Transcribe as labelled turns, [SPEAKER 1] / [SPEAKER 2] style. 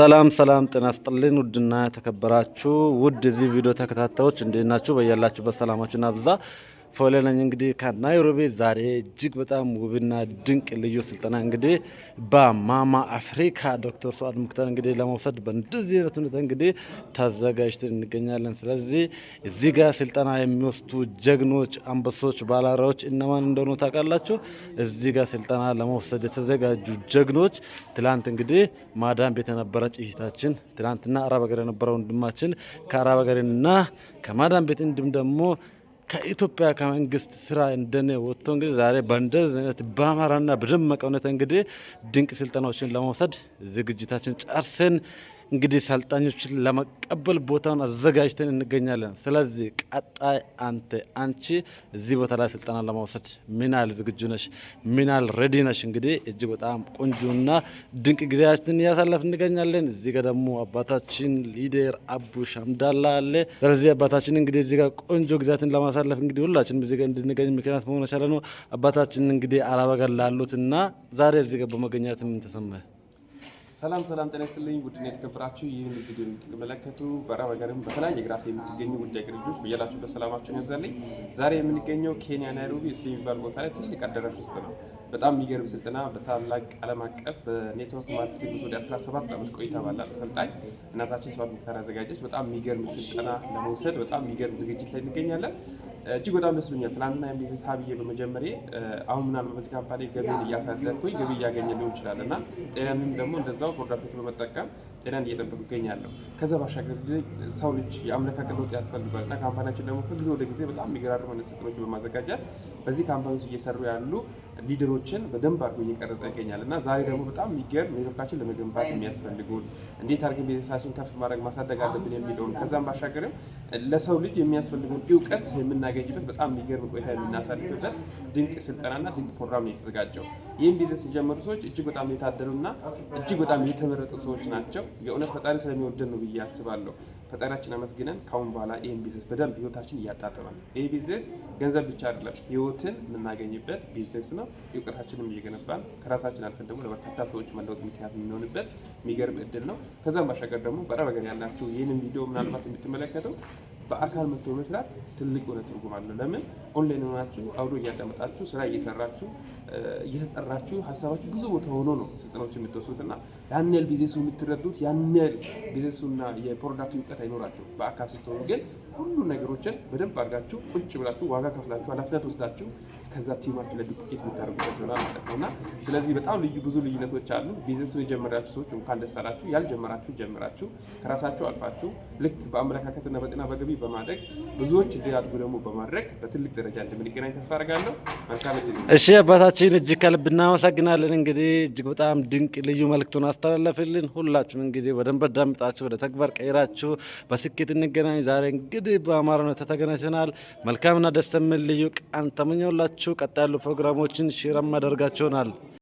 [SPEAKER 1] ሰላም ሰላም፣ ጤና ስጥልን ውድና የተከበራችሁ ውድ እዚህ ቪዲዮ ተከታታዮች እንዴት ናችሁ? በያላችሁበት ሰላማችሁን አብዛ ፎለ እንግዲህ ከናይሮቢ ዛሬ እጅግ በጣም ውብና ድንቅ ልዩ ስልጠና እንግዲህ በማማ አፍሪካ ዶክተር ሰዋድ ሙክታር እንግዲህ ለመውሰድ በእንደዚህ አይነት ሁኔታ እንግዲህ ተዘጋጅተን እንገኛለን። ስለዚህ እዚህ ጋር ስልጠና የሚወስዱ ጀግኖች፣ አንበሶች፣ ባላራዎች እነማን እንደሆኑ ታውቃላችሁ? እዚህ ጋር ስልጠና ለመውሰድ የተዘጋጁ ጀግኖች ትላንት እንግዲህ ማዳም ቤት የነበረ ጭሂታችን ትላንትና አረብ ሀገር የነበረ ወንድማችን ከአረብ ሀገርና ከማዳም ቤት እንዲሁም ደግሞ ከኢትዮጵያ ከመንግስት ስራ እንደኔ ወጥቶ እንግዲህ ዛሬ በእንደዚህ አይነት በአማራና በደመቀ ሁኔታ እንግዲህ ድንቅ ስልጠናዎችን ለመውሰድ ዝግጅታችን ጨርሰን እንግዲህ ሰልጣኞችን ለመቀበል ቦታውን አዘጋጅተን እንገኛለን። ስለዚህ ቀጣይ አንተ አንቺ እዚህ ቦታ ላይ ስልጠና ለመውሰድ ምናል ዝግጁ ነሽ? ምናል ሬዲ ነሽ? እንግዲህ እጅግ በጣም ቆንጆና ድንቅ ጊዜያችን እያሳለፍ እንገኛለን። እዚህ ጋር ደግሞ አባታችን ሊደር አቡ ሻምዳላ አለ። ስለዚህ አባታችን እንግዲህ እዚህ ጋር ቆንጆ ጊዜያትን ለማሳለፍ እንግዲህ ሁላችንም እዚህ ጋር እንድንገኝ ምክንያት መሆን ቻለ ነው። አባታችን እንግዲህ አላባ ላሉትና ዛሬ እዚህ ጋር በመገኘት ምን ተሰማህ?
[SPEAKER 2] ሰላም ሰላም ጤና ይስጥልኝ ውድና የተከበራችሁ ይህን ቪዲዮ የምትመለከቱ በአረብ ሀገርም በተለያየ ሀገራት የምትገኙ ውድ ሀገር ልጆች በያላችሁበት ሰላማችሁን ያብዛልኝ። ዛሬ የምንገኘው ኬንያ ናይሮቢ የሚባል ቦታ ላይ ትልቅ አዳራሽ ውስጥ ነው። በጣም የሚገርም ስልጠና በታላቅ ዓለም አቀፍ በኔትወርክ ማርኬቲንግ ውስጥ ወደ 17 ዓመት ቆይታ ባላት አሰልጣኝ እናታችን ሰዋት ሙክታር ያዘጋጀች በጣም የሚገርም ስልጠና ለመውሰድ በጣም የሚገርም ዝግጅት ላይ እንገኛለን። እጅግ በጣም ደስ ብሎኛል። ትናንትና ቢዝነስ ሀብዬ በመጀመሪ አሁን ምናልባት በዚህ ካምፓኒ ገቢን እያሳደግኩኝ ገቢ እያገኘ ሊሆን ይችላል እና ጤናንም ደግሞ እንደዛው ፕሮዳክቶች በመጠቀም ጤናን እየጠበቁ ይገኛለሁ። ከዛ ባሻገር ሰው ልጅ የአመለካከት ለውጥ ያስፈልገዋል እና ካምፓኒያችን ደግሞ ከጊዜ ወደ ጊዜ በጣም የሚገራሩ አይነት ስልጠናዎችን በማዘጋጃት በዚህ ካምፓኒ ውስጥ እየሰሩ ያሉ ሊደሮችን በደንብ አድርጎ እየቀረጸ ይገኛል እና ዛሬ ደግሞ በጣም የሚገርም ኔትወርካችን ለመገንባት የሚያስፈልጉን እንዴት አድርገን ቤተሰባችን ከፍ ማድረግ ማሳደግ አለብን የሚለውን ከዛም ባሻገርም ለሰው ልጅ የሚያስፈልገውን እውቀት የምናገ የምትገኝበት በጣም የሚገርም ቆይታ የምናሳልፍበት ድንቅ ስልጠናና ድንቅ ፕሮግራም ነው የተዘጋጀው። ይህም ቢዝነስ የጀመሩ ሰዎች እጅግ በጣም የታደሉና እጅግ በጣም የተመረጡ ሰዎች ናቸው። የእውነት ፈጣሪ ስለሚወደን ነው ብዬ አስባለሁ። ፈጣሪያችን አመስግነን ካሁን በኋላ ይህን ቢዝነስ በደንብ ህይወታችን እያጣጥማል። ይህ ቢዝነስ ገንዘብ ብቻ አይደለም፣ ህይወትን የምናገኝበት ቢዝነስ ነው። እውቀታችንም እየገነባን ከራሳችን አልፈን ደግሞ ለበርካታ ሰዎች መለወጥ ምክንያት የሚሆንበት የሚገርም እድል ነው። ከዛም ባሻገር ደግሞ በጣም ያላችሁ ይህንን ቪዲዮ ምናልባት የምትመለከተው በአካል መጥቶ መስራት ትልቅ የሆነ ትርጉም አለው። ለምን ኦንላይን ሆናችሁ አውዶ እያዳመጣችሁ ስራ እየሰራችሁ እየተጠራችሁ ሀሳባችሁ ብዙ ቦታ ሆኖ ነው ስልጠናዎች የምትወስዱት እና ያን ያህል ቢዝነሱ የምትረዱት ያን ያህል ቢዝነሱና የፕሮዳክቱ እውቀት አይኖራችሁ። በአካል ስትሆኑ ግን ሁሉ ነገሮችን በደንብ አድርጋችሁ ቁጭ ብላችሁ ዋጋ ከፍላችሁ ኃላፊነት ወስዳችሁ ከዛ ቲማችሁ ለዱፕሊኬት የምታደርጉበት ይሆናል ማለት ነው እና ስለዚህ በጣም ልዩ ብዙ ልዩነቶች አሉ። ቢዝነሱን የጀመራችሁ ሰዎች እንኳን ደስ አላችሁ። ያልጀመራችሁ ጀምራችሁ ከራሳችሁ አልፋችሁ ልክ በአመለካከትና በጤና በገቢ በማድረግ ብዙዎች እንዲያድጉ ደግሞ በማድረግ በትልቅ ደረጃ እንደምንገናኝ ተስፋ አደርጋለሁ። መልካም እድል።
[SPEAKER 1] እሺ አባታችን እጅግ ከልብ እናመሰግናለን። እንግዲህ እጅግ በጣም ድንቅ ልዩ መልክቱን አስተላለፍልን። ሁላችሁም እንግዲህ በደንብ አዳምጣችሁ ወደ ተግባር ቀይራችሁ በስኬት እንገናኝ። ዛሬ እንግዲህ በአማራ ነው ተገናኝተናል። መልካምና ደስ የሚል ልዩ ቀን ተመኘውላችሁ። ቀጣይ ያሉ ፕሮግራሞችን ሼር ማደርጋችሁናል።